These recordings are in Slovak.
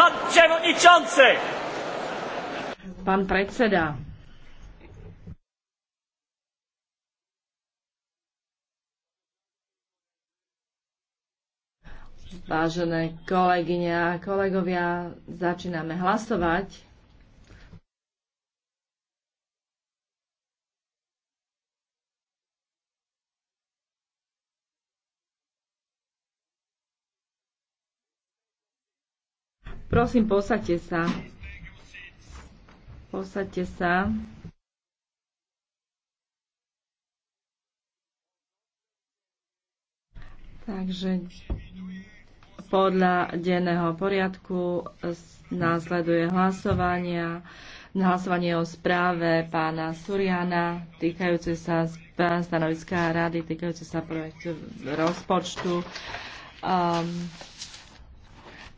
Pan przewodniczący! Pan predseda. Vážené kolegyne a kolegovia, začíname hlasovať. Prosím, posaďte sa. Posaďte sa. Takže podľa denného poriadku následuje hlasovania, hlasovanie o správe pána Suriana týkajúce sa stanoviska rady, týkajúce sa projektu rozpočtu. Um,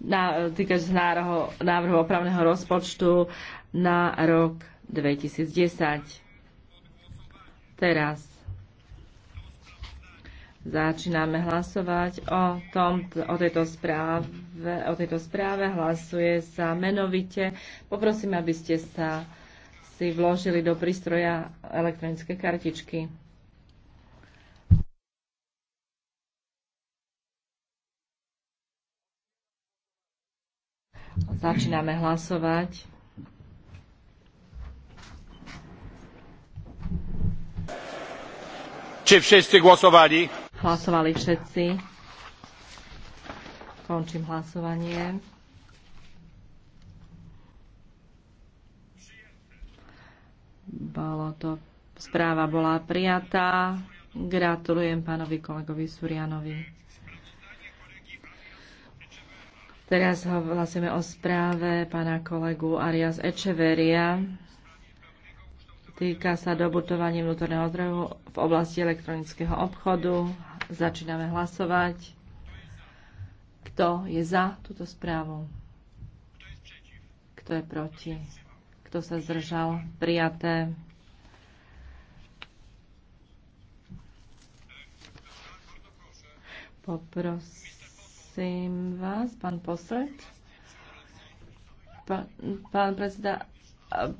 na, týkajúce návrhu, návrhu opravného rozpočtu na rok 2010. Teraz začíname hlasovať o, tom, o, tejto správe, o tejto správe. Hlasuje sa menovite. Poprosím, aby ste sa si vložili do prístroja elektronické kartičky. Začíname hlasovať. Či všetci hlasovali? Hlasovali všetci. Končím hlasovanie. Bolo to, správa bola prijatá. Gratulujem pánovi kolegovi Surianovi. Teraz hlasujeme o správe pána kolegu Arias Echeveria. Týka sa dobutovania vnútorného trhu v oblasti elektronického obchodu. Začíname hlasovať. Kto je za túto správu? Kto je proti? Kto sa zdržal? Prijaté. Poprosím Prosím vás, pán posred. Pán, pán predseda,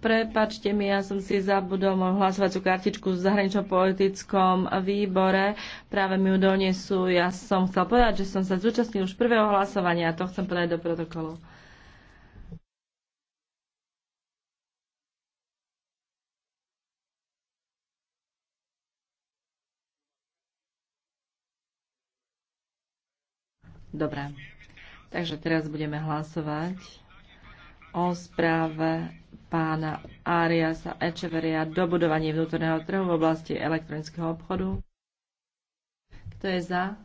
Prepačte mi, ja som si zabudol moju hlasovaciu kartičku v zahranično-politickom výbore. Práve mi ju donesú. Ja som chcel povedať, že som sa zúčastnil už prvého hlasovania. To chcem povedať do protokolu. Dobre. Takže teraz budeme hlasovať o správe pána Ariasa Echeveria dobudovanie vnútorného trhu v oblasti elektronického obchodu. Kto je za?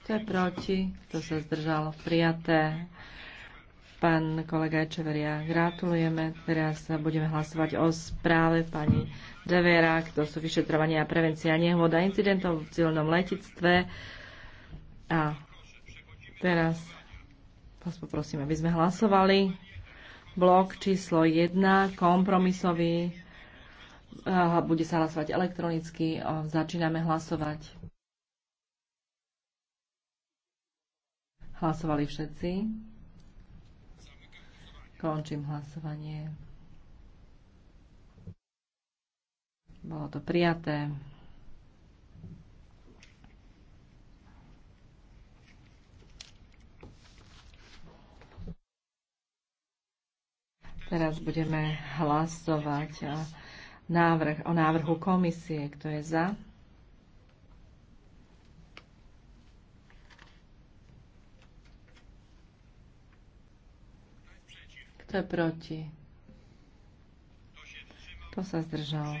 Kto je proti? Kto sa zdržal? Prijaté. Pán kolega Čeveria, gratulujeme. Teraz budeme hlasovať o správe pani Devera, to sú vyšetrovania a prevencia nehôd a incidentov v civilnom letectve. A teraz vás poprosím, aby sme hlasovali. Blok číslo 1, kompromisový. Bude sa hlasovať elektronicky. Začíname hlasovať. Hlasovali všetci. Končím hlasovanie. Bolo to prijaté. Teraz budeme hlasovať návrh, o návrhu komisie. Kto je za? Kto je proti? Kto sa zdržal?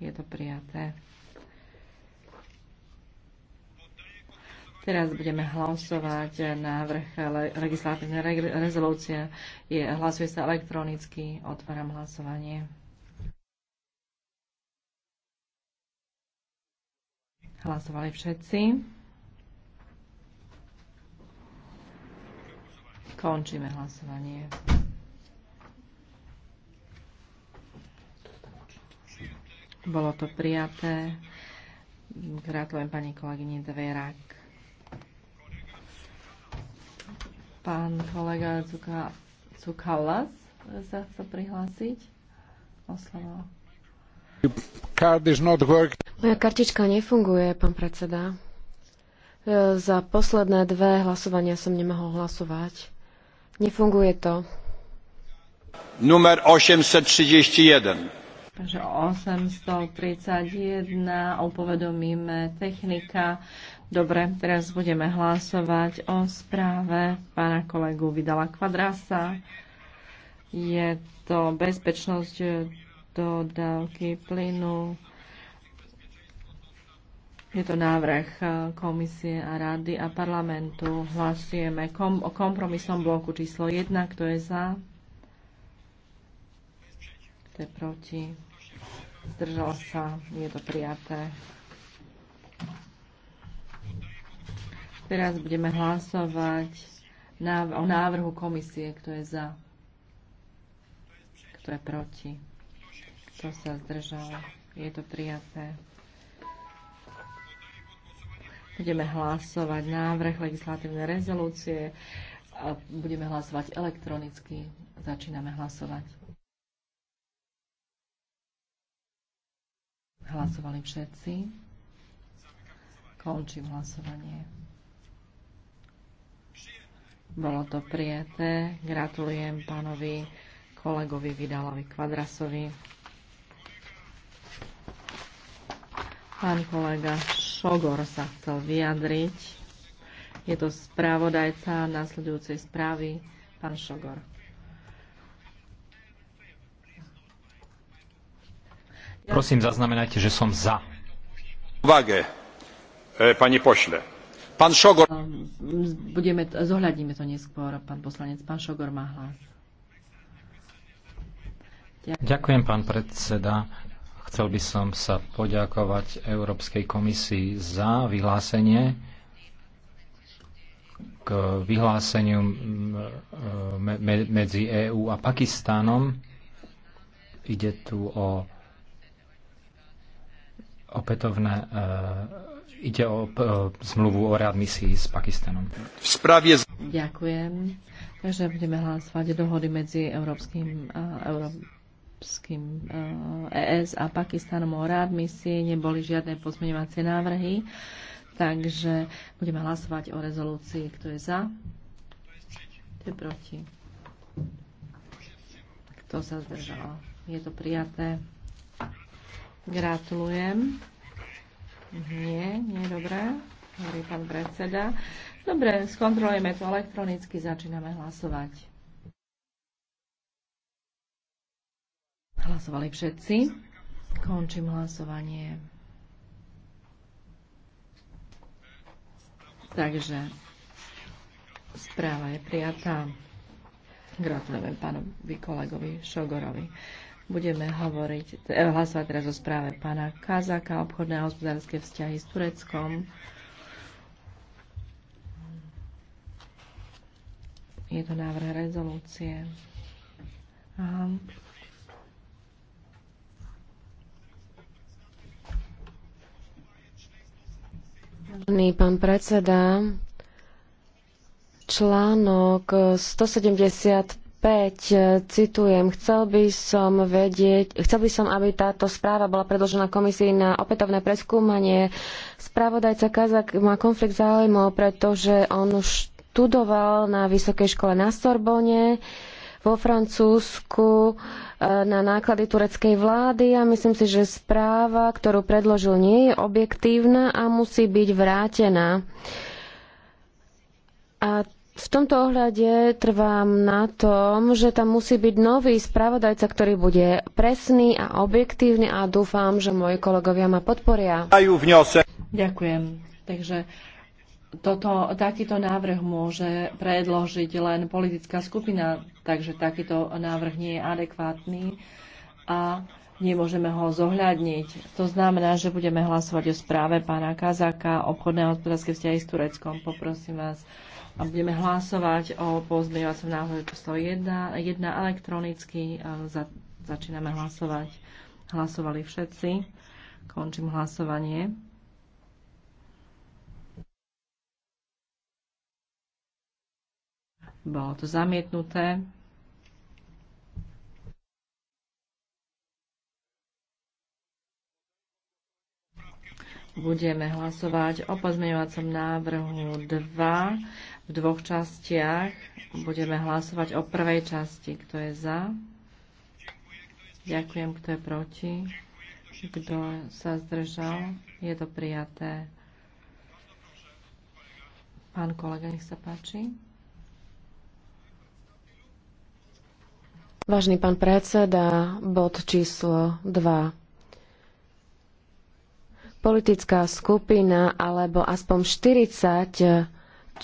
Je to prijaté. Teraz budeme hlasovať návrh legislatívnej rezolúcie. Je, hlasuje sa elektronicky. Otváram hlasovanie. Hlasovali všetci. Končíme hlasovanie. Bolo to prijaté. Gratulujem pani kolegyni Dverák. Pán kolega Cuka, Cukalas sa chce prihlásiť o slovo. Moja kartička nefunguje, pán predseda. E, za posledné dve hlasovania som nemohol hlasovať. Nefunguje to. Numer 831. Takže 831 upovedomíme technika. Dobre, teraz budeme hlasovať o správe pána kolegu Vidala Kvadrasa. Je to bezpečnosť dodávky plynu. Je to návrh komisie a rady a parlamentu. Hlasujeme kom- o kompromisnom bloku číslo 1. Kto je za? Kto je proti? zdržal sa, je to prijaté. Teraz budeme hlasovať o návrhu komisie, kto je za, kto je proti, kto sa zdržal, je to prijaté. Budeme hlasovať návrh legislatívnej rezolúcie. Budeme hlasovať elektronicky. Začíname hlasovať. Hlasovali všetci. Končím hlasovanie. Bolo to prijaté. Gratulujem pánovi kolegovi Vidalovi Kvadrasovi. Pán kolega Šogor sa chcel vyjadriť. Je to správodajca následujúcej správy. Pán Šogor. Prosím, zaznamenajte, že som za. Uwagę, e, pani pošle. Pán Šogor... Budeme, zohľadíme to neskôr. Pán poslanec, pán Šogor má hlas. Ďakujem. Ďakujem, pán predseda. Chcel by som sa poďakovať Európskej komisii za vyhlásenie k vyhláseniu medzi EÚ a Pakistánom. Ide tu o opätovné e, ide o e, zmluvu o readmisii s Pakistanom. V správie... Ďakujem. Takže budeme hlasovať dohody medzi Európskym, Európskym ES e a Pakistanom o readmisii. Neboli žiadne pozmeňovacie návrhy. Takže budeme hlasovať o rezolúcii. Kto je za? Kto je proti? Kto sa zdržal? Je to prijaté. Gratulujem. Nie, nie, dobré. Hovorí pán predseda. Dobre, skontrolujeme to elektronicky, začíname hlasovať. Hlasovali všetci. Končím hlasovanie. Takže správa je prijatá. Gratulujem pánovi kolegovi Šogorovi. Budeme hovoriť, eh, hlasovať teraz o správe pána Kazaka, obchodné a hospodárske vzťahy s Tureckom. Je to návrh rezolúcie. Aha. pán predseda, článok 170. 5 e, citujem, chcel by som vedieť, chcel by som, aby táto správa bola predložená komisii na opätovné preskúmanie. Spravodajca Kazak má konflikt záujmov, pretože on študoval na vysokej škole na Sorbonne vo Francúzsku e, na náklady tureckej vlády a myslím si, že správa, ktorú predložil, nie je objektívna a musí byť vrátená. A v tomto ohľade trvám na tom, že tam musí byť nový spravodajca, ktorý bude presný a objektívny a dúfam, že moji kolegovia ma podporia. Ďakujem. Takže toto, takýto návrh môže predložiť len politická skupina, takže takýto návrh nie je adekvátny a nemôžeme ho zohľadniť. To znamená, že budeme hlasovať o správe pána Kazaka, obchodné a hospodárske vzťahy s Tureckom. Poprosím vás, budeme hlasovať o pozmeňovacom návrhu číslo 1, 1 elektronicky. Za, začíname hlasovať. Hlasovali všetci. Končím hlasovanie. Bolo to zamietnuté. budeme hlasovať o pozmeňovacom návrhu 2 v dvoch častiach. Budeme hlasovať o prvej časti. Kto je za? Ďakujem, kto je proti. Kto sa zdržal? Je to prijaté. Pán kolega, nech sa páči. Vážny pán predseda, bod číslo 2 politická skupina alebo aspoň 40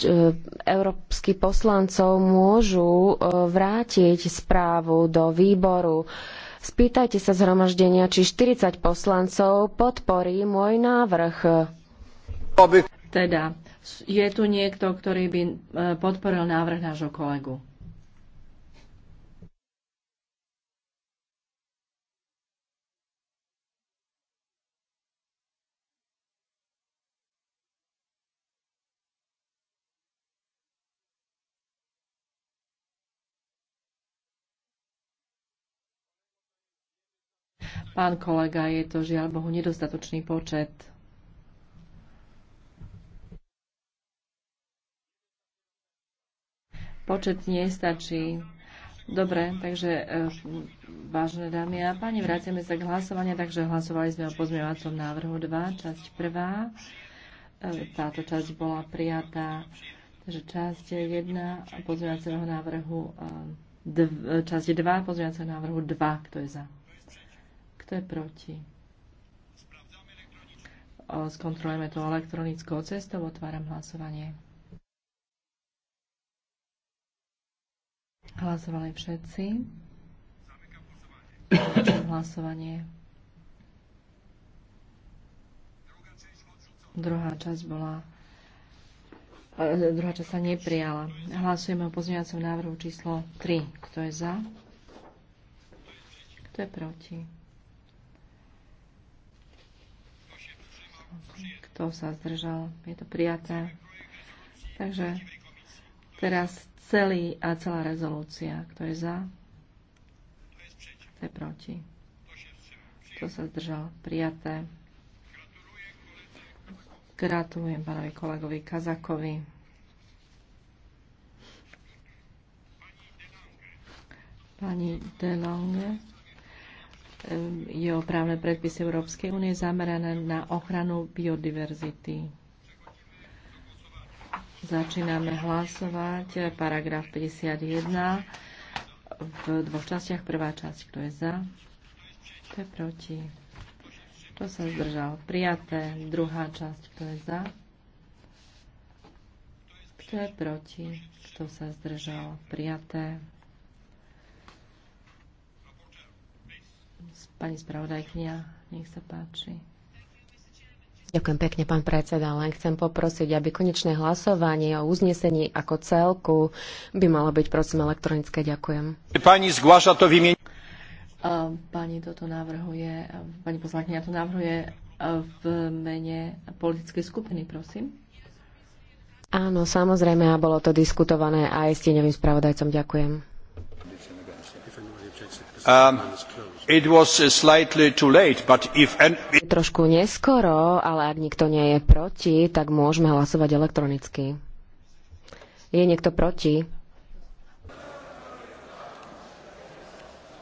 E, európsky poslancov môžu e, vrátiť správu do výboru. Spýtajte sa zhromaždenia, či 40 poslancov podporí môj návrh. Teda, je tu niekto, ktorý by e, podporil návrh nášho kolegu? Pán kolega, je to žiaľ Bohu nedostatočný počet. Počet nestačí. Dobre, takže e, vážne dámy a páni, vrátime sa k hlasovaniu, takže hlasovali sme o pozmievacom návrhu 2, časť 1. E, táto časť bola prijatá, takže časť 1 pozmievaceho návrhu, e, časť 2 pozmievaceho návrhu 2, kto je za? Kto je proti? Skontrolujeme to elektronickou cestou. Otváram hlasovanie. Hlasovali všetci. Končím hlasovanie. Druhá časť bola e, druhá časť sa neprijala. Hlasujeme o pozmeňovacom návrhu číslo 3. Kto je za? Kto je proti? Kto sa zdržal? Je to prijaté. Takže teraz celý a celá rezolúcia. Kto je za? Kto je proti? Kto sa zdržal? Prijaté. Gratulujem pánovi kolegovi Kazakovi. Pani Delonge je o právne predpisy Európskej únie zamerané na ochranu biodiverzity. Začíname hlasovať. Paragraf 51 v dvoch častiach. Prvá časť, kto je za, kto je proti, kto sa zdržal. Prijaté. Druhá časť, kto je za, kto je proti, kto sa zdržal. Prijaté. Pani spravodajkňa, nech sa páči. Ďakujem pekne, pán predseda. Len chcem poprosiť, aby konečné hlasovanie o uznesení ako celku by malo byť, prosím, elektronické. Ďakujem. Pani zgláša to vymien... Pani toto navrhuje, pani poslankyňa to navrhuje v mene politickej skupiny, prosím. Áno, samozrejme, a bolo to diskutované aj s tieňovým spravodajcom. Ďakujem. Um, Uh, Trošku neskoro, ale ak nikto nie je proti, tak môžeme hlasovať elektronicky. Je niekto proti?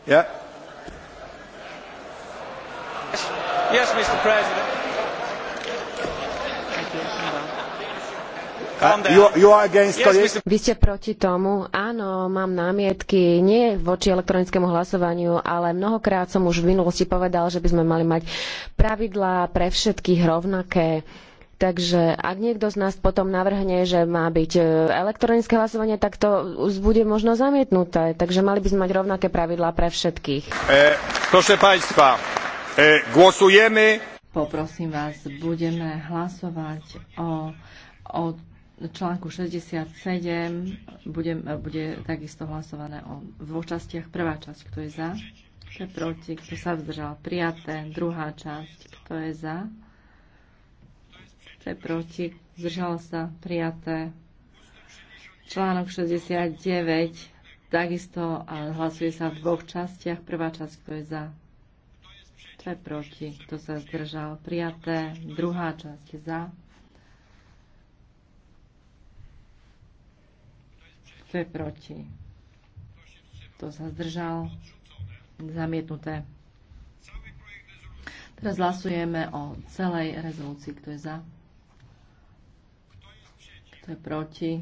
Yeah. Yes, Mr. President. Vy ste proti tomu? Áno, mám námietky. Nie voči elektronickému hlasovaniu, ale mnohokrát som už v minulosti povedal, že by sme mali mať pravidlá pre všetkých rovnaké. Takže ak niekto z nás potom navrhne, že má byť e, elektronické hlasovanie, tak to už bude možno zamietnuté. Takže mali by sme mať rovnaké pravidlá pre všetkých. E, e, Poprosím vás, budeme hlasovať o, o článku 67 bude, bude takisto hlasované o dvoch častiach. Prvá časť, kto je za, kto je proti, kto sa vzdržal, prijaté. Druhá časť, kto je za, kto je proti, zdržal sa, prijaté. Článok 69, takisto hlasuje sa v dvoch častiach. Prvá časť, kto je za, kto je proti, kto sa zdržal, prijaté. Druhá časť, za, Kto je proti? Kto sa zdržal? Zamietnuté. Teraz hlasujeme o celej rezolúcii. Kto je za? Kto je proti?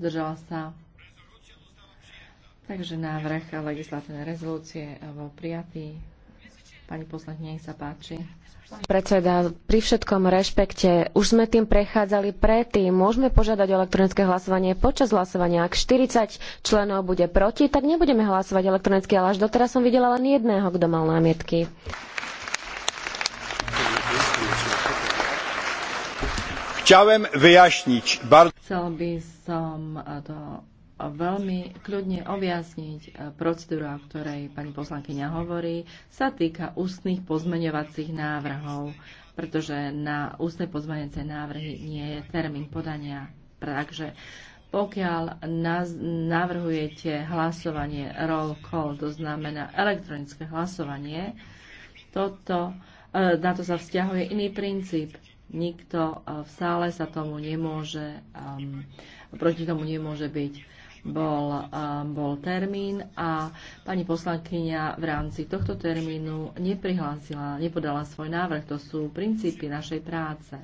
Zdržala sa. Takže návrh legislatívnej rezolúcie bol prijatý. Pani poslankyňa, nech sa páči. Predseda, pri všetkom rešpekte, už sme tým prechádzali predtým. Môžeme požiadať o elektronické hlasovanie počas hlasovania. Ak 40 členov bude proti, tak nebudeme hlasovať elektronicky, ale až doteraz som videla len jedného, kto mal námietky. Chciałem wyjaśnić bardzo... Chcel by som e, to veľmi kľudne objasniť. E, Procedúra, o ktorej pani poslankyňa hovorí, sa týka ústnych pozmeňovacích návrhov, pretože na ústne pozmeňovacie návrhy nie je termín podania. Takže pokiaľ navrhujete hlasovanie roll call, to znamená elektronické hlasovanie, toto, e, na to sa vzťahuje iný princíp. Nikto e, v sále sa tomu nemôže, proti tomu nemôže byť bol, bol termín a pani poslankyňa v rámci tohto termínu neprihlásila, nepodala svoj návrh. To sú princípy našej práce.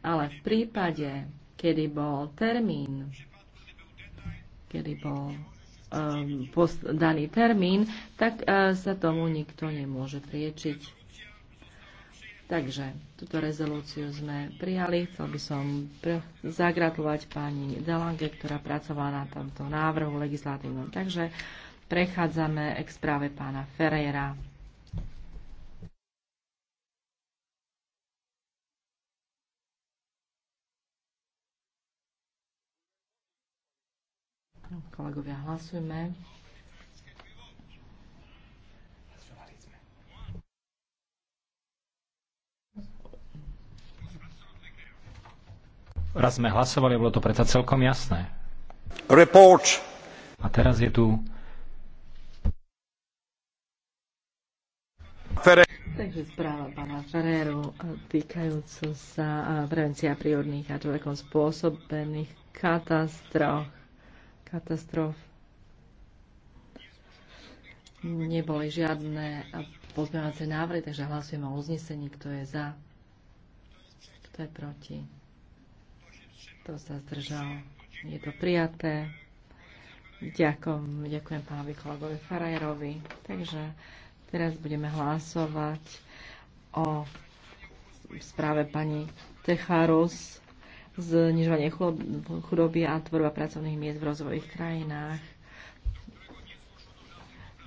Ale v prípade, kedy bol termín, kedy bol um, daný termín, tak uh, sa tomu nikto nemôže priečiť. Takže túto rezolúciu sme prijali. Chcel by som zagratulovať pani Delange, ktorá pracovala na tomto návrhu legislatívnom. Takže prechádzame k správe pána Ferreira. Kolegovia, hlasujme. raz sme hlasovali, bolo to predsa celkom jasné. Report. A teraz je tu Takže správa pána Ferreru e, týkajúco sa e, prevencia prírodných a človekom spôsobených katastrof. Katastrof. Neboli žiadne pozmeňovacie návrhy, takže hlasujeme o uznesení, kto je za, kto je proti. Kto sa zdržal? Je to prijaté. Ďakujem, ďakujem pánovi kolegovi Farajerovi. Takže teraz budeme hlasovať o správe pani Techarus znižovanie chudoby a tvorba pracovných miest v rozvojových krajinách.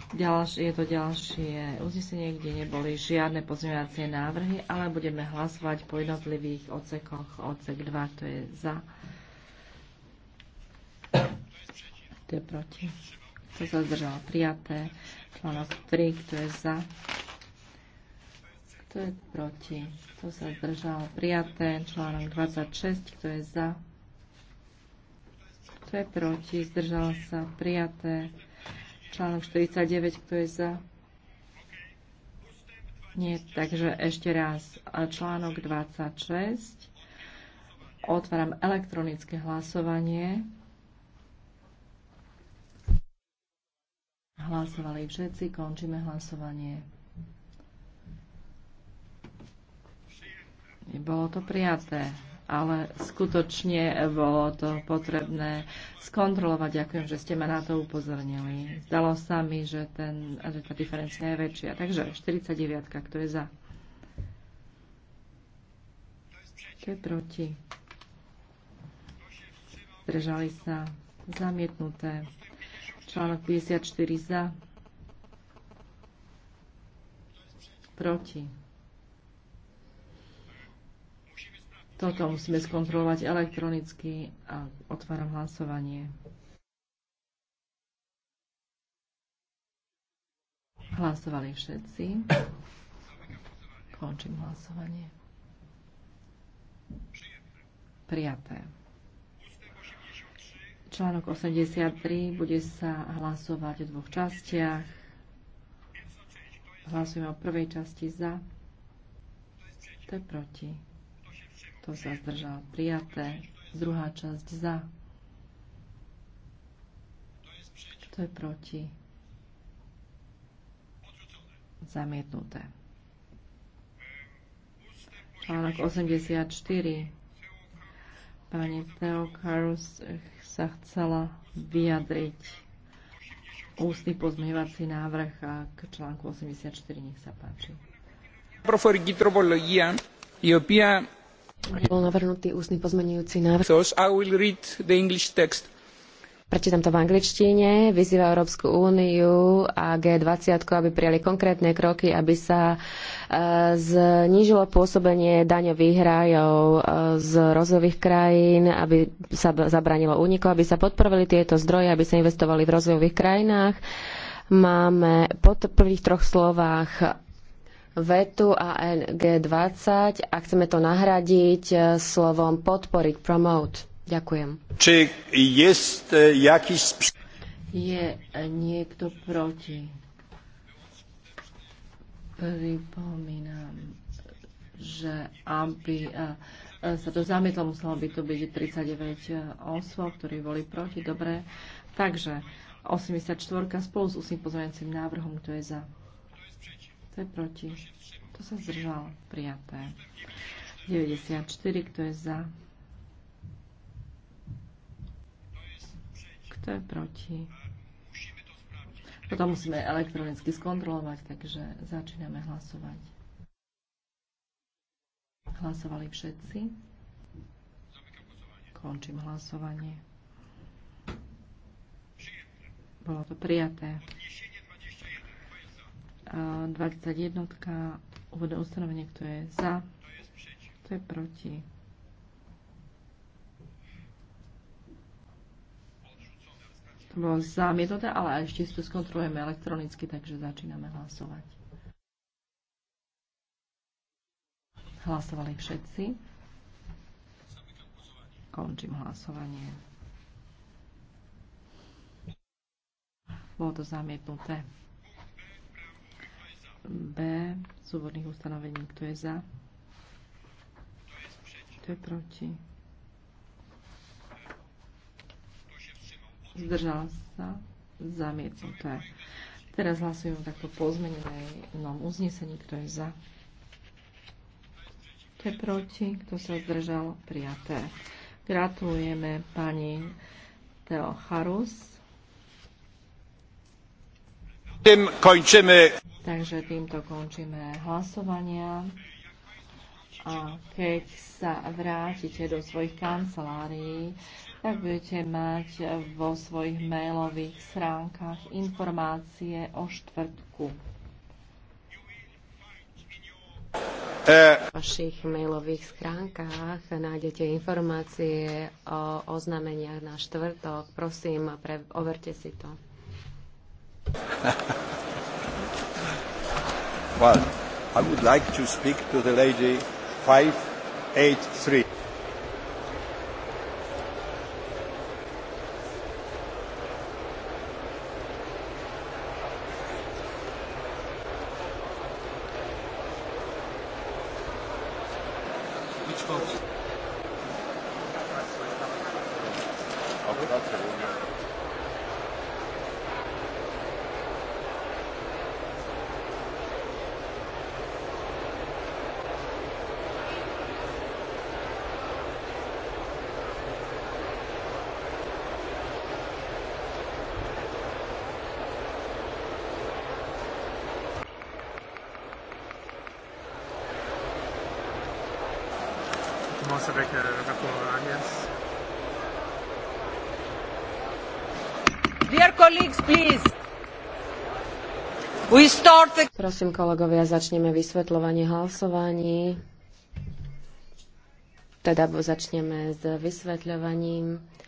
Ďalšie, je to ďalšie uznesenie, kde neboli žiadne pozmeňovacie návrhy, ale budeme hlasovať po jednotlivých ocekoch. Ocek 2, to je za. To je proti. To sa zdržalo prijaté. Článok 3, kto je za. Kto je proti? Kto sa zdržalo Prijaté. Článok 26, kto je za. Kto je proti? zdržalo sa. Prijaté. Článok 49, kto je za? Nie, takže ešte raz. Článok 26. Otváram elektronické hlasovanie. Hlasovali všetci, končíme hlasovanie. Bolo to prijaté ale skutočne bolo to potrebné skontrolovať. Ďakujem, že ste ma na to upozornili. Zdalo sa mi, že, ten, že tá diferencia je väčšia. Takže 49, kto je za? Kto je proti? Zdržali sa. Zamietnuté. Článok 54 za. Proti Toto musíme skontrolovať elektronicky a otváram hlasovanie. Hlasovali všetci. Končím hlasovanie. Prijaté. Článok 83 bude sa hlasovať v dvoch častiach. Hlasujeme o prvej časti za. To je proti kto sa zdržal, prijaté. Druhá časť za. Kto je proti? Zamietnuté. Článok 84. Pani Teokarus sa chcela vyjadriť ústny pozmievací návrh a k článku 84. Nech sa páči. Προφορική τροπολογία, η οποία bol navrhnutý ústny pozmenujúci návrh. Prečítam to v angličtine. Vyzýva Európsku úniu a G20, aby prijali konkrétne kroky, aby sa e, znížilo pôsobenie daňových rájov e, z rozvojových krajín, aby sa zabránilo úniku, aby sa podporovali tieto zdroje, aby sa investovali v rozvojových krajinách. Máme po prvých troch slovách vetu ANG20 a chceme to nahradiť e, slovom podporiť, promote. Ďakujem. Či e, je. Je niekto proti? Pripomínam, že aby e, sa to zamietlo, muselo by to byť 39 osôb, ktorí boli proti. Dobre. Takže 84 spolu s ústnym pozvaniacím návrhom, kto je za? Kto je proti? To sa zdržal? Prijaté. 94. Kto je za? Kto je proti? Potom musíme elektronicky skontrolovať, takže začíname hlasovať. Hlasovali všetci. Končím hlasovanie. Bolo to prijaté. 21. Uvodné ustanovenie, kto je za, kto je proti. To bolo zamietnuté, ale ešte si to skontrolujeme elektronicky, takže začíname hlasovať. Hlasovali všetci. Končím hlasovanie. Bolo to zamietnuté. B z úvodných ustanovení. Kto je za? Kto je proti? Zdržal sa? Zamietnuté. Teraz hlasujem takto po zmenenom uznesení. Kto je za? Kto je proti? Kto sa zdržal? Prijaté. Gratulujeme pani Teo Harus. Tym kończymy Takže týmto končíme hlasovania. A keď sa vrátite do svojich kancelárií, tak budete mať vo svojich mailových stránkach informácie o štvrtku. E- v vašich mailových schránkach nájdete informácie o oznameniach na štvrtok. Prosím, pre, overte si to. Well, I would like to speak to the lady 583. Which vote? Prosím, kolegovia, začneme vysvetľovanie hlasovaní. Teda začneme s vysvetľovaním.